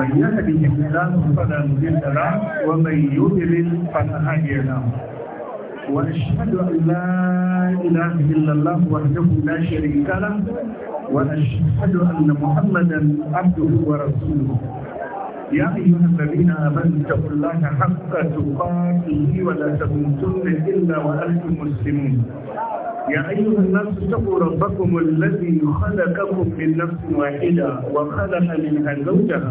من يهده الله فلا مضل له ومن يضلل فلا هادي له واشهد ان لا اله الا الله وحده لا شريك له واشهد ان محمدا عبده ورسوله يا ايها الذين امنوا اتقوا الله حق تقاته ولا تموتن الا وانتم مسلمون يا أيها الناس اتقوا ربكم الذي خلقكم من نفس واحدة وخلق منها زوجها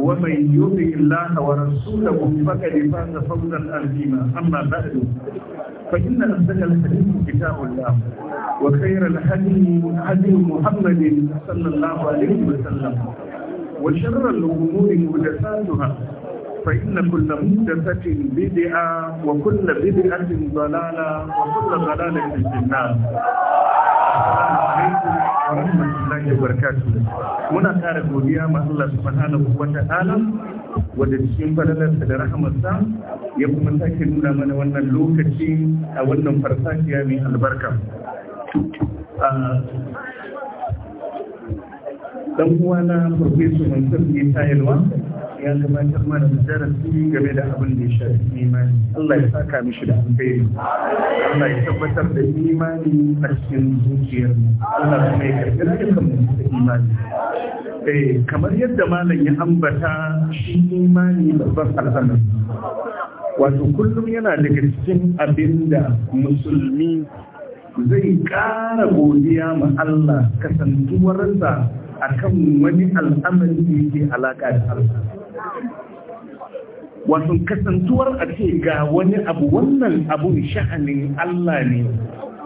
ومن يطع الله ورسوله فقد فاز فوزا عظيما اما بعد فان اصدق الحديث كتاب الله وخير الحديث هدي محمد صلى الله عليه وسلم وشر الامور محدثاتها فإن كل محدثة بدعة وكل بدعة ضلالة وكل ضلالة في النار. muna kara godiya ma Allah subhanahu wa ta'ala wanda cikin fadalarsa da rahamarsa ya kuma sake nuna mana wannan lokaci a wannan farsakiya mai albarka dan uwana professor Mansur Isa Yalwa ya gabatar mana da darasi game da abin da ya shafi imani Allah ya saka mishi da alkhairi Allah ya tabbatar da imani a cikin zuciyar Allah kuma ya karɓi dukkan mu da imani eh kamar yadda malam ya ambata shi imani babban al'amari wato kullum yana daga cikin abin da musulmi zai ƙara godiya ma Allah kasantuwarsa akan wani al'amari da yake alaƙa da Allah wasu kasantuwar a ce ga wani abu wannan abun sha'anin Allah ne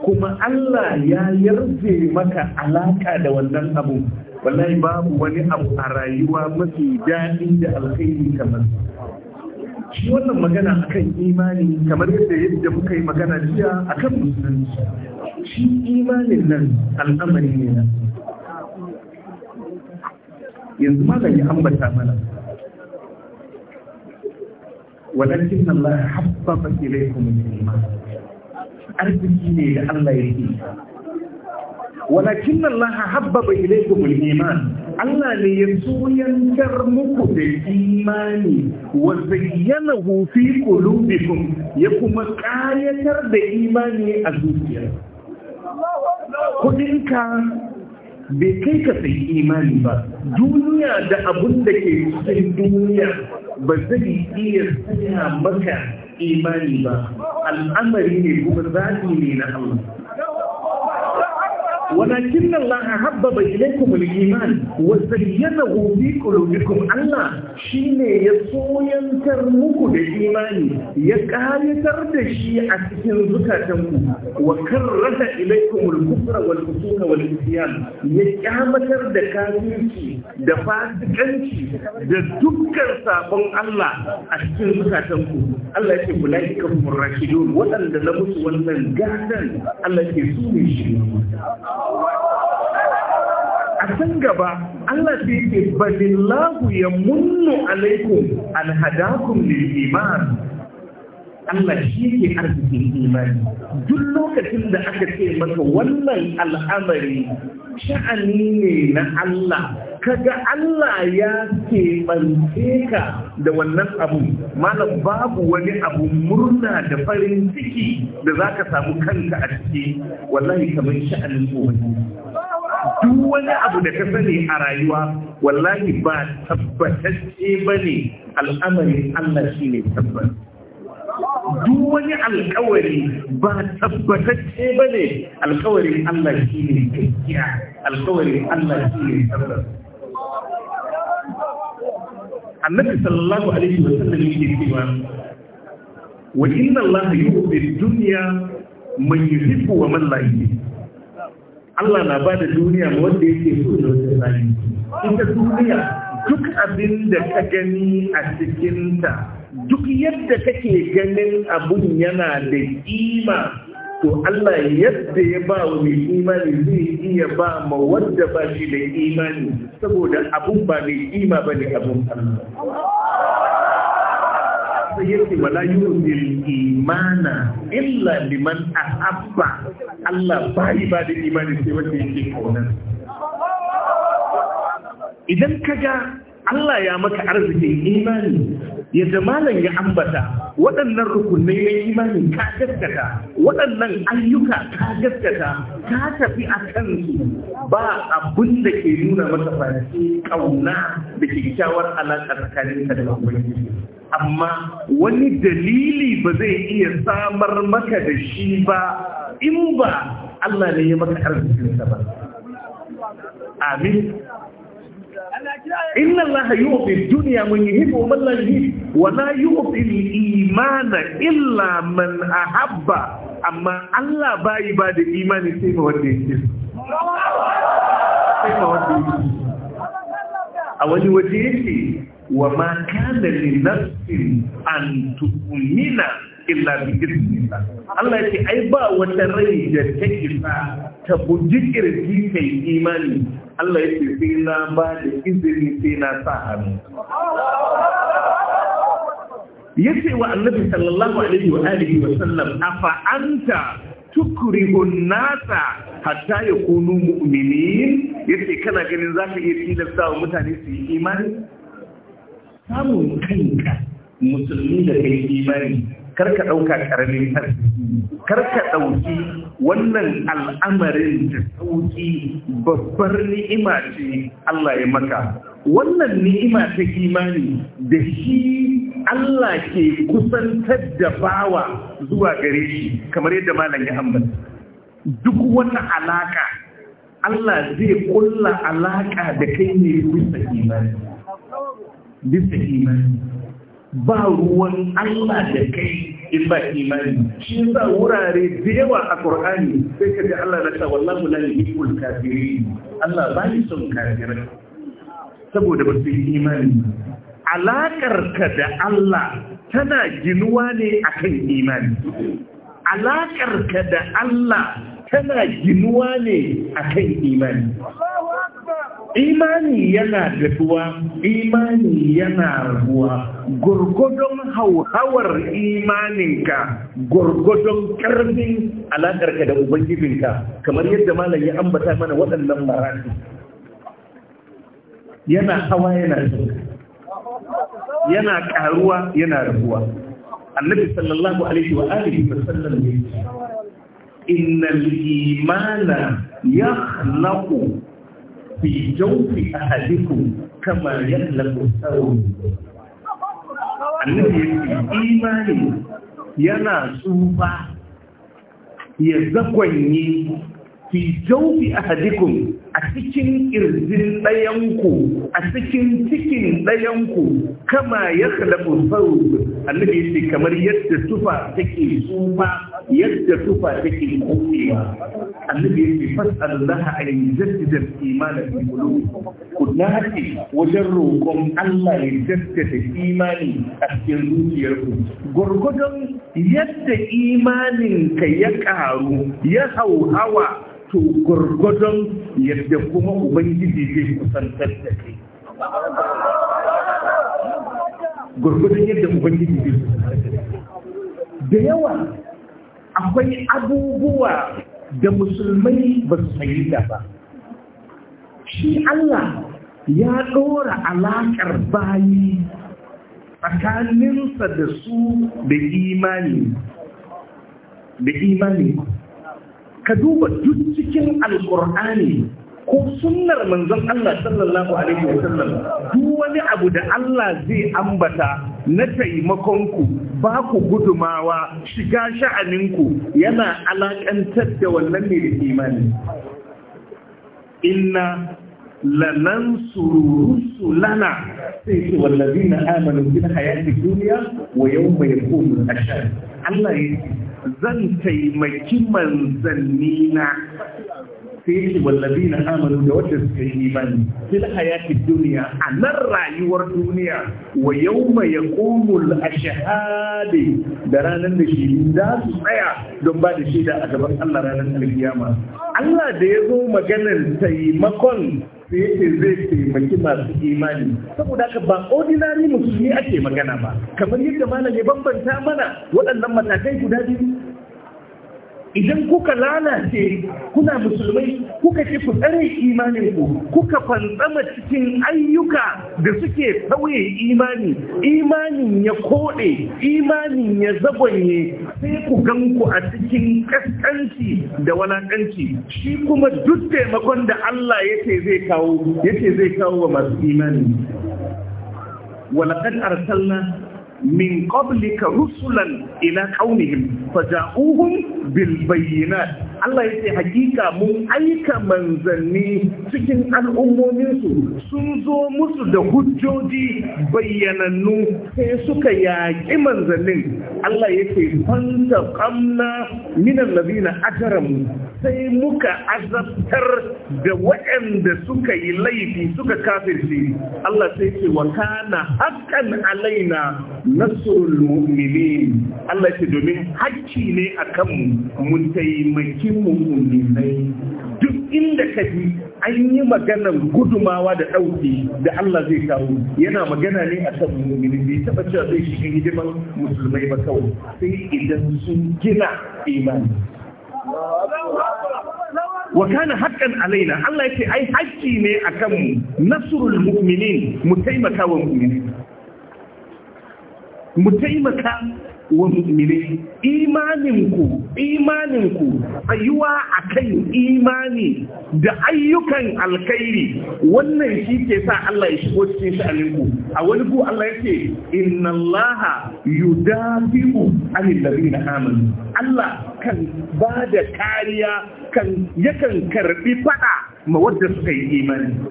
kuma Allah ya yarze maka alaka da wannan abu wallahi babu wani abu a rayuwa mafi daɗi da alkhairi kamar shi wannan magana akan imani kamar yadda yadda muka yi magana jiya akan musulunci shi imanin nan al'amari ne yanzu ma ga yi ambata mana walakin Allah habbaba ilaykum al-iman arziki ne da Allah yake walakin Allah habbaba ilaykum al-iman Allah ne ya soyantar muku da imani wa zayyanahu fi qulubikum ya kuma kayatar da imani a zuciyarku Kuɗinka. bai kai ka sayi imani ba duniya da abun da ke cikin duniya ba zai iya sanya maka imani ba al'amari ne kuma zaɓi ne na Allah ولكن الله حبب إليكم الإيمان وزينه في قلوبكم الله شيني يسو ينتر مكو الإيمان يكال يترد شيء أكثر زكاة وكرر إليكم الكفر والفسوق والإسيان يكام ترد كافيرتي دفعت كنتي دكتر سابن الله أكثر زكاة الله يقول لك الراشدون وأن لمس وأن الجهدان الله يسوي شيء a san gaba Allah sai ce balillahu ya munnu alaikum alhadakum lil iman Allah shi ke arzikin imani duk lokacin da aka ce maka wannan al'amari sha'ani ne na Allah kaga Allah ya "Bance ka da wannan abu malam babu wani abu murna da farin ciki da zaka samu kanka a ciki wallahi kamar sha'anin ubangiji duk wani abu da ka sani a rayuwa wallahi ba tabbatacce ba ne al'amarin Allah shi ne tabbat. Duk wani alkawari ba tabbatacce ba ne alkawarin Allah shi ne gaskiya alkawarin Allah shi ne tabbat. Annabi sallallahu alaihi wa sallam yake cewa wa inna Allah yuhibbu ad-dunya man yuhibbu wa man la yuhibbu Allah na ba da duniya ma wanda yake so da wasu ita duniya duk abin da ka gani a cikinta duk yadda kake ganin abun yana da kima to Allah yadda ya ba wa mai imani zai iya ba ma wadda ba shi da imani saboda abun ba mai kima ba ne abun Allah yace wala yuzil imana illa liman ahabba Allah bai ba da imani sai wanda yake kauna idan kaga Allah ya maka arzikin imani da malam ya ambata waɗannan rukunai na imani ka gaskata waɗannan ayyuka ka gaskata ka tafi a kansu ba abin da ke nuna masa fasi ƙauna da kyakkyawar alaƙa ka da ubangiji amma wani dalili ba zai iya samar maka da shi ba in ba Allah ne ya maka arzikinsa ba. Amin. Inna Allah yi fi duniya mun yi hibu mallari wa na yi fi imana illa man a habba. amma Allah bayi ba da imani sai ma wanda ya Sai ma wanda A wani waje yake wa ma kana li nafsin an tu'mina illa bi idnillah Allah ya ai ba wata rai da take isa ta buji kirji mai imani Allah ya sai na ba da izini sai na sa hannu yace wa annabi sallallahu alaihi wa alihi wa sallam afa anta tukrihu nasa hatta yakunu mu'minin yace kana ganin zaka iya tilasta wa mutane su yi imani samun kanka musulmi da kai imani karka ka ɗauka ƙaramin arziki kar ɗauki wannan al'amarin da sauƙi babbar ni'ima ce Allah ya maka wannan ni'ima ta imani da shi Allah ke kusantar da bawa zuwa gare shi kamar yadda malam ya ambata duk wata alaka Allah zai kulla alaka da kai ne bisa imani bisa imani ba ruwan Allah da kai in ba imani shi sa wurare da yawa a Qur'ani sai ka ji Allah na ta wallahu la yuhibbul kafirin Allah ba ni son kafirai saboda ba su yi imani alakar ka da Allah tana ginuwa ne akan imani alakar ka da Allah tana ginuwa ne akan imani imani yana daduwa imani yana rabuwa gurgudun hauhawar imaninka gurgudun karfin alaƙarka da ubangijinka kamar yadda malam ya ambata mana waɗannan marati yana hawa yana yana karuwa yana rabuwa annabi sallallahu alaihi wa alihi wa sallam innal imana yakhluqu fi a ahadikum kama yaklaqu sawu annabi yake imani yana tsufa ya zakwanye fi jawfi ahadikum a cikin ƙirjin ɗayanku a cikin cikin ɗayanku kama ya kalabu saurin annabi yake kamar yadda tufa take tsufa yadda tufa take kokewa annabi yake fas'alullaha an yujaddida al-iman fi qulubikum ku dace wajen roƙon Allah ya jaddada imani a cikin ku. gurgudun yadda imanin ka ya ƙaru ya hauhawa to gurgudun yadda kuma ubangiji zai kusantar da kai gurgudun yadda ubangiji zai kusantar da kai da yawa akwai abubuwa da musulmai ba su da ba shi Allah ya ɗora alaƙar bayi tsakaninsa da su da imani da imani ka duba duk cikin alƙur'ani ko sunnar manzon Allah sallallahu alaihi wasallam duk wani abu da Allah zai ambata na taimakonku ba ku gudumawa shiga sha'aninku yana alakantar da wannan ne da imani inna lanan sururu lana sai su wallazi na amalin bin hayati duniya wa yau mai komun ashar Allah ya zan taimaki manzannina sai ce wallabi na amalu da wadda suka yi imani fil hayati duniya a nan rayuwar duniya wa yau mai ya kumul a shahade da ranar da shi za su tsaya don ba da shaida a gaban Allah ranar alkiyama Allah da ya zo maganar taimakon sai yake zai taimaki masu imani saboda haka ba ordinary musulmi ake magana ba kamar yadda malam ya bambanta mana waɗannan matakai guda biyu idan kuka lalace kuna musulmai kuka ce ku tsare imaninku, kuka fantsama cikin ayyuka da suke sauye imani imanin ya kode imanin ya zagonye sai ku ganku a cikin kaskanci da walakanci shi kuma duk taimakon da Allah yake zai kawo yace zai kawo wa masu imani ولقد أرسلنا min qablika rusulan ila qaumihim faja'uhum bil bayyinat Allah yace hakika mun aika manzanni cikin al'ummomin su sun zo musu da hujjoji bayyanannu sai suka yaƙi manzannin Allah yace fanta qamna min allazina ajramu sai muka azabtar da waɗanda suka yi laifi suka kafirce Allah sai ce wa kana haqqan alaina nasrul mu'minin Allah ce domin hacci ne akan mu mun taimaki mu'minai duk inda ka ji an yi maganar gudumawa da ɗauki da Allah zai kawo yana magana ne a kan mu'minin bai taɓa cewa zai shiga hidiman musulmai ba kawai sai idan sun gina imani wa kana haqqan alaina Allah ce ai hakki ne akan mu nasrul mu'minin mu taimaka wa mu'minin mu taimaka wa mu'mine imaninku imaninku tsayuwa akan imani da ayyukan alkhairi wannan shi ke sa Allah ya shigo cikin sha'aninku a wani ku Allah yake inna Allah yudafi'u anil ladina amanu Allah kan ba da kariya kan yakan karbi fada ma wadda suka yi imani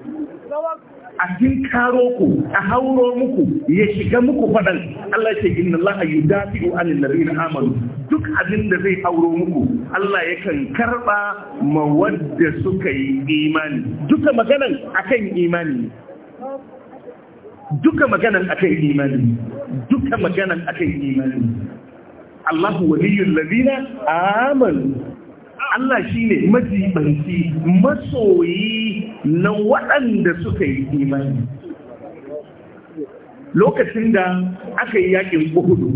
a karo ku a hauro muku ya shiga muku fadan Allah ce inna Allah ya yudafi'u anil ladina amanu duk abin da zai hauro muku Allah yakan karba mawadda suka yi imani duka maganan akan imani duka maganan akan imani duka maganan akan imani Allah waliyul ladina amanu Allah shine majibanci masoyi na waɗanda suka yi imani lokacin da aka yi yakin ƙudu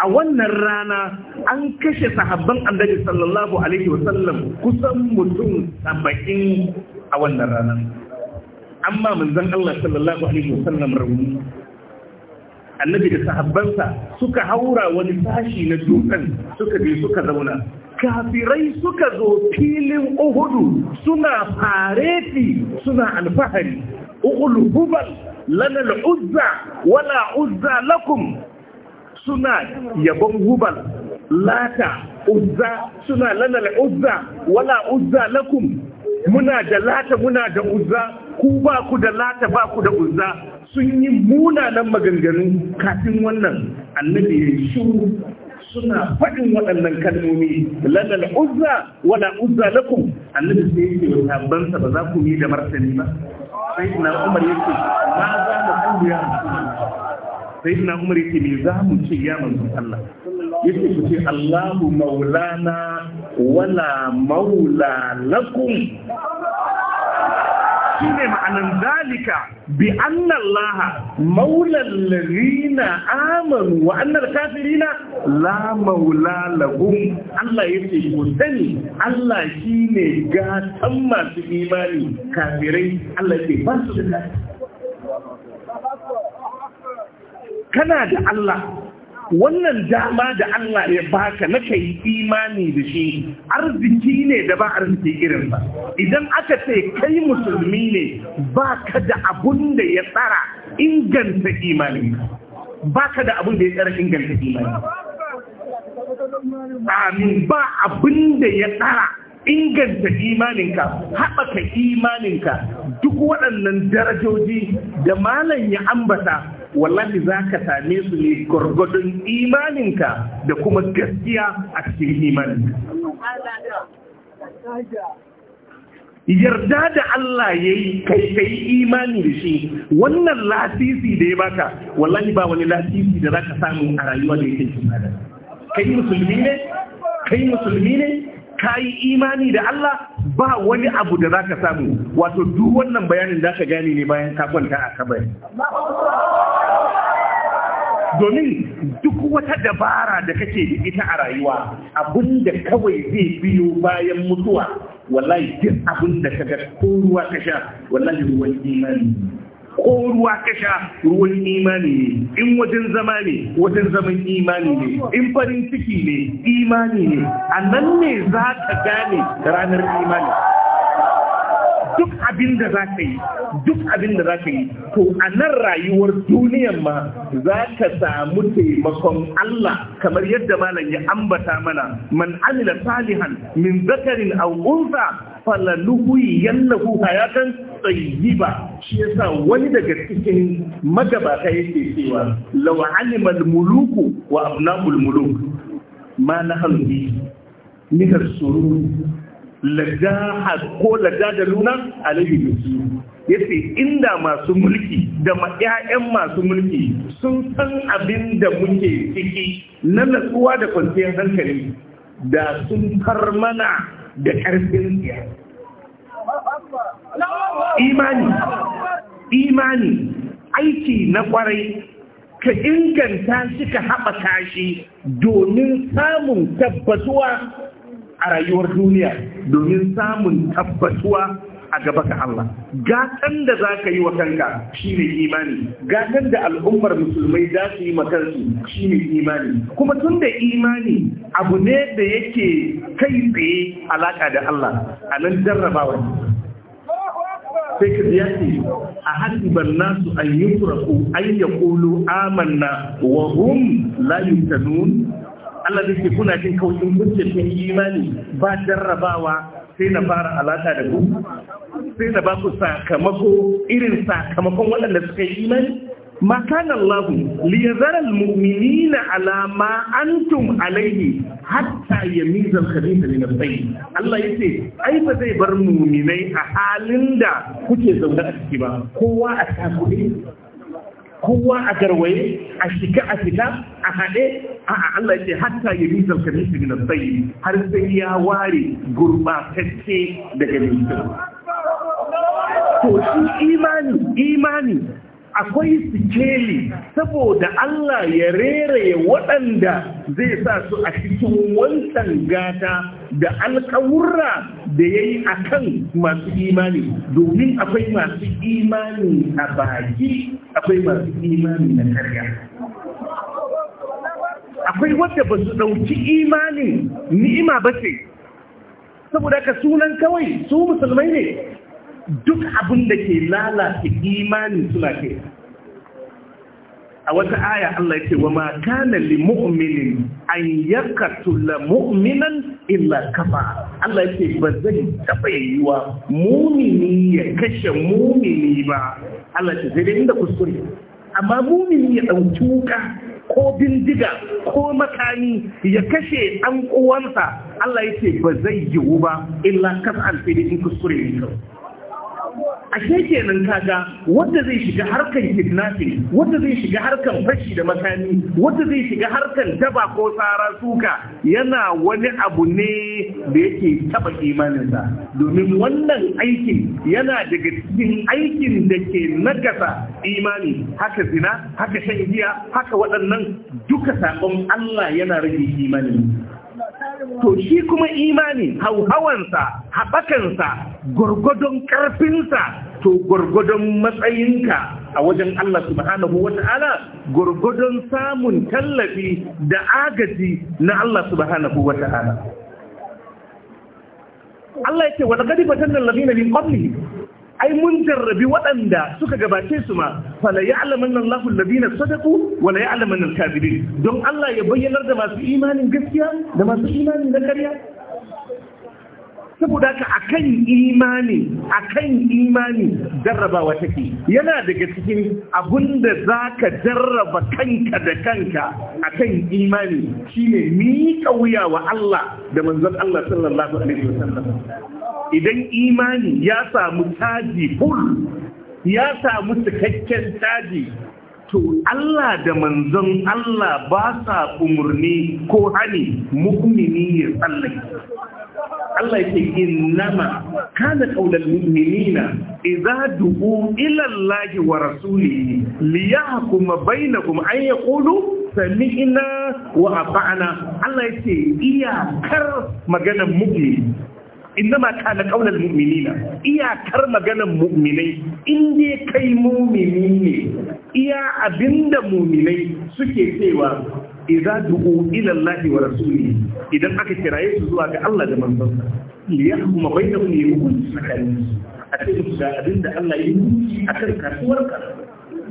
a wannan rana an kashe sahabban annabi sallallahu alaihi wasallam kusan mutum saba'in a wannan rana amma manzon Allah sallallahu alaihi wasallam rauni annabi da sahabbansa suka haura wani sashi na dutsen suka je suka zauna kafirai suka zo filin uhudu suna fareti suna alfahari uhul hubal lana al'uzza wala uzza lakum suna yabon hubal lata uzza suna lana al'uzza wala uzza lakum muna da lata muna da uzza ku ba ku da lata ba ku da uzza sun yi munanan maganganu kafin wannan annabi ya shiru suna faɗin waɗannan kalmomi lalal uzza wala uzza lakum annabi sai yake wa tabbansa ba za ku yi da martani ba sai ina umar yake ma za mu kallu ya sai ina umar yake me za mu ce ya manzo Allah yake ku ce Allahu maulana wala maula lakum shine ma'anan zalika bi annallaha, Allah maulal amanu wa anna kafirina la maula lahum Allah yake ku sani Allah shine gatan masu imani kafirai Allah yake ba su kana da Allah wannan dama da Allah ya baka na kai imani da shi arziki ne da ba arziki irin ba idan aka ce kai musulmi ne baka da abun da ya tsara inganta imanin baka da abun da ya tsara inganta imani amin ba abun da ya tsara inganta imaninka haɓaka imaninka duk waɗannan darajoji da malam ya ambata wallahi za ka same su ne gwargwadon imaninka da kuma gaskiya a cikin imaninka yarda da Allah ya yi kai kai imani da shi wannan lasisi da ya baka wallahi ba wani lasisi da za ka samu a rayuwa da yake cikin kai musulmi ne kai musulmi ne ka yi imani da Allah ba wani abu da za ka samu wato duk wannan bayanin da ka gane ne bayan ka kwanta a kabari domin duk wata dabara da kake da ita a rayuwa abinda kawai zai biyo bayan mutuwa wallahi duk abinda ka ga ko ruwa ka sha wallahi ruwan imani ko ka sha ruwan imani ne in wajen zama ne wajen zaman imani ne in farin ciki ne imani ne a nan ne za ka gane ranar imani duk abin da za ka yi duk abin da za ka yi to a nan rayuwar duniyan ma za ka samu taimakon Allah kamar yadda malam ya ambata mana man amila salihan min zakarin aw unsa falaluhi yallahu hayatan tayyiba shi yasa wani daga cikin magabata yake cewa law alima muluku wa abnaul muluk ma nahnu bi min lada ko lajaja luna alaihi ya yace inda masu mulki da ƴaƴan masu mulki sun san abin da muke ciki na natsuwa da kwanciyar hankali da sun far mana da ƙarfin siya imani imani aiki na kwarai ka inganta shi ka haɓaka shi domin samun tabbatuwa a rayuwar duniya domin samun tabbatuwa a gaba ka Allah gatan da za ka yi wa kanka shi ne imani gatan da al'ummar musulmai za su yi shi ne imani kuma tun da imani abu ne da yake kai tsaye alaƙa da Allah a nan jarrabawa sai ka biya ce a hasiban nasu an yi turaku an yi kulu amanna wa hum la Allah zai ce kuna jin kaucin hujjatun imani ba jarrabawa sai na fara alaka da ku sai na ba ku sakamako irin sakamakon waɗanda suka yi imani ma kana Allah liyazara almu'minina ala ma antum alayhi hatta ya al-khabitha min al Allah yace ai ba zai bar mu'minai a halin da kuke zaune a ciki ba kowa a takure kowa a garwaye a shiga a fita a haɗe a Allah ce hatta ya bisa kamisu na bai har sai ya ware gurbatacce daga nisa to shi imani imani akwai sikeli saboda Allah ya reraye waɗanda zai sa su a cikin wancan gata da alƙawura da ya yi a kan masu imani domin akwai masu imani a baki akwai masu imani na karya akwai wadda ba su ɗauki imani ni'ima ba ce saboda ka sunan kawai su musulmai ne duk abin da ke lalata imani suna kai a wata aya Allah ya ce wa ma kana li mu'minin an yaqtula mu'minan illa kafa Allah ya ce ba zai taba yiwa mu'mini ya kashe mu'mini ba Allah ya ce dai inda kuskure amma mu'mini ya dauki wuka ko bindiga ko makami ya kashe an uwansa Allah ya ce ba zai yiwu ba illa kafa alfidi in kuskure ne ashe kenan kaga wanda zai shiga harkar kidnapping wanda zai shiga harkar fashi da makami wanda zai shiga harkar daba ko tsara suka yana wani abu ne da yake taba imaninsa domin wannan aikin yana daga cikin aikin da ke nagasa imani haka zina haka shan giya haka waɗannan duka saƙon Allah yana rage imanin to shi kuma imani hauhawansa haɓakansa gwargwadon ƙarfinsa to gwargwadon matsayinka a wajen Allah subhanahu wa ta'ala gwargwadon samun tallafi da agaji na Allah subhanahu wa ta'ala Allah ya ce wa nan lafi na min ƙwamni ai mun jarrabi waɗanda suka gabace su ma fala ya'laman Allahu alladhina sadaqu wa la ya'laman al-kadhibin don Allah ya bayyanar da masu imanin gaskiya da masu imanin na ƙarya saboda haka akan imani akan imani jarrabawa take yana daga cikin abinda zaka jarraba kanka da kanka akan imani shine miƙa wuya wa Allah da manzon Allah sallallahu alaihi wasallam idan imani ya samu taji full ya samu cikakken taji to Allah da manzon Allah ba sa umurni ko hani mukmini ya tsallake Allah yake innama kana qaulal mu'minina idza du'u ila Allah wa rasulihi yahkum bainakum ay yaqulu sami'na wa ata'na Allah yake iyakar maganar mu'min innama kana qaulal mu'minina iyakar maganan mu'minai in kai mu'mini ne iya abinda mu'minai suke cewa idza du'u ila Allah wa rasulihi idan aka kiraye su zuwa ga Allah da manzonsa li yahkuma bainahum yuhun sakani a cikin ga abinda Allah ya yi akan ka,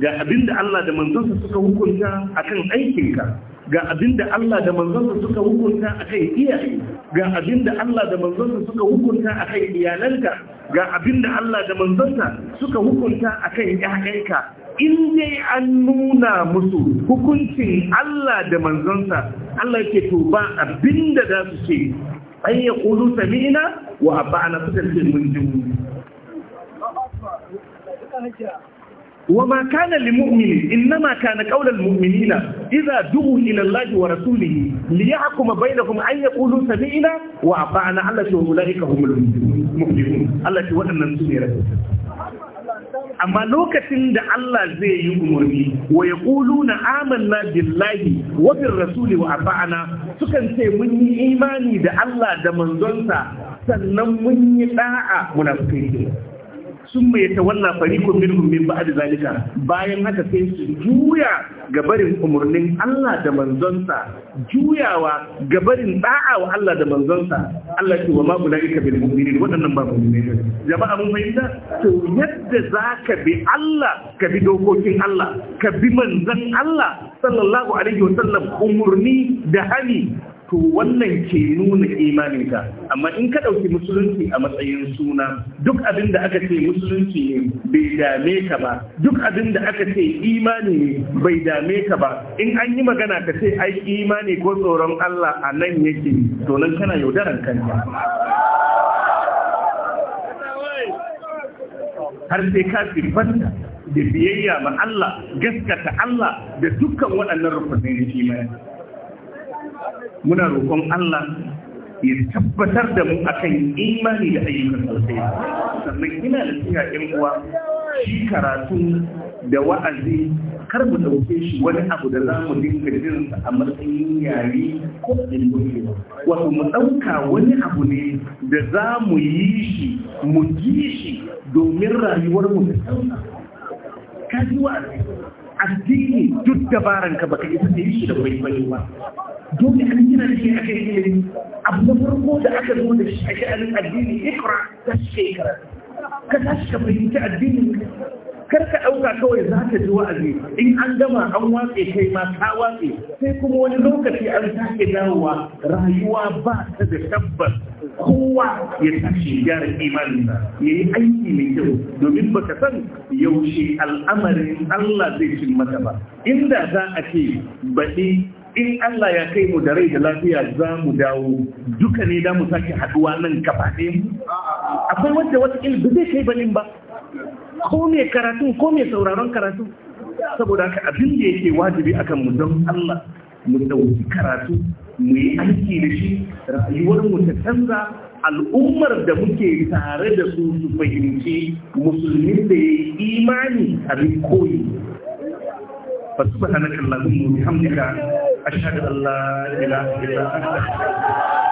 ga abinda Allah da manzonsa suka hukunta akan ka. ga abinda Allah da manzansa suka hukunta a kai iyaye ga abinda Allah da manzansa suka hukunta a kai iyalanka ga abinda Allah da manzansa suka hukunta a kai ƴaƴanka in dai an nuna musu hukuncin Allah da manzansa Allah yake to ba abinda za su ce ya yaqulu sami'na wa abana suka ce mun ji وما كان لمؤمن إنما كان قول المؤمنين إذا دعوا إلى الله ورسوله ليحكم بينهم أن يقولوا سمعنا وأطعنا على أولئك هم المؤمنون الله يقول أن نسمير amma lokacin da Allah zai yi umarni wa ya na amanna billahi wa rasuli wa sukan ce mun yi imani da Allah da manzonsa sannan mun yi da'a munafikai sun mai ta farikun minhum min ba'd zalika bayan haka sai su juya ga barin umurnin Allah da manzonsa juyawa ga barin da'a wa Allah da manzonsa Allah ce wa ma ulaika bil mu'minin wadannan ba mu'minin jama'a mun fahimta to yadda zaka bi Allah ka bi dokokin Allah ka bi manzon Allah sallallahu alaihi wa sallam umurni da hani to wannan ke nuna imaninka amma in ka ɗauki musulunci a matsayin suna duk abin da aka ce musulunci ne bai dame ka ba duk abin da aka ce imani ne bai dame ka ba in an yi magana ka ce ai imani ko tsoron Allah a nan yake to nan kana yaudarar kanka har sai ka siffanta da biyayya ma Allah gaskata Allah da dukkan waɗannan rukunin imani muna roƙon Allah ya tabbatar da mu akan imani da ayyukan alkhairi sannan ina da tsaya ɗan uwa shi karatu da wa'azi kar mu ɗauke shi wani abu da za mu dinga jin a matsayin yare ko ɗin wato mu ɗauka wani abu ne da za mu yi shi mu ji shi domin rayuwar mu da kaji wa'azi addini duk dabaran ka baka isa da shi da kwaikwayo ba dole an gina da shi aka yi ilimi abu na farko da aka zo da shi a sha'anin addini ikra ta shi ka karatu ka tashi ka fahimci addinin kar ka ɗauka kawai za ka ji wa'azi in an gama an watse kai ma ka watse sai kuma wani lokaci an sake dawowa rayuwa ba ta da tabbas kowa ya tashi gyara imaninsa ya yi aiki mai kyau domin baka san yaushe al'amarin Allah zai cin mata ba inda za a ce baɗi in Allah ya kai mu da rai da lafiya za mu dawo duka ne da mu sake haɗuwa nan kafa ɗaya akwai wanda wata ilimi zai kai baɗin ba ko mai karatu ko mai sauraron karatu saboda ka abin da yake wajibi akan mu don Allah mu dauki karatu mu yi aiki da shi rayuwar mu ta canza al'ummar da muke tare da su su fahimci musulmi da ya yi imani abin koyi فسبحانك اللهم وبحمدك أشهد أن لا إله إلا أنت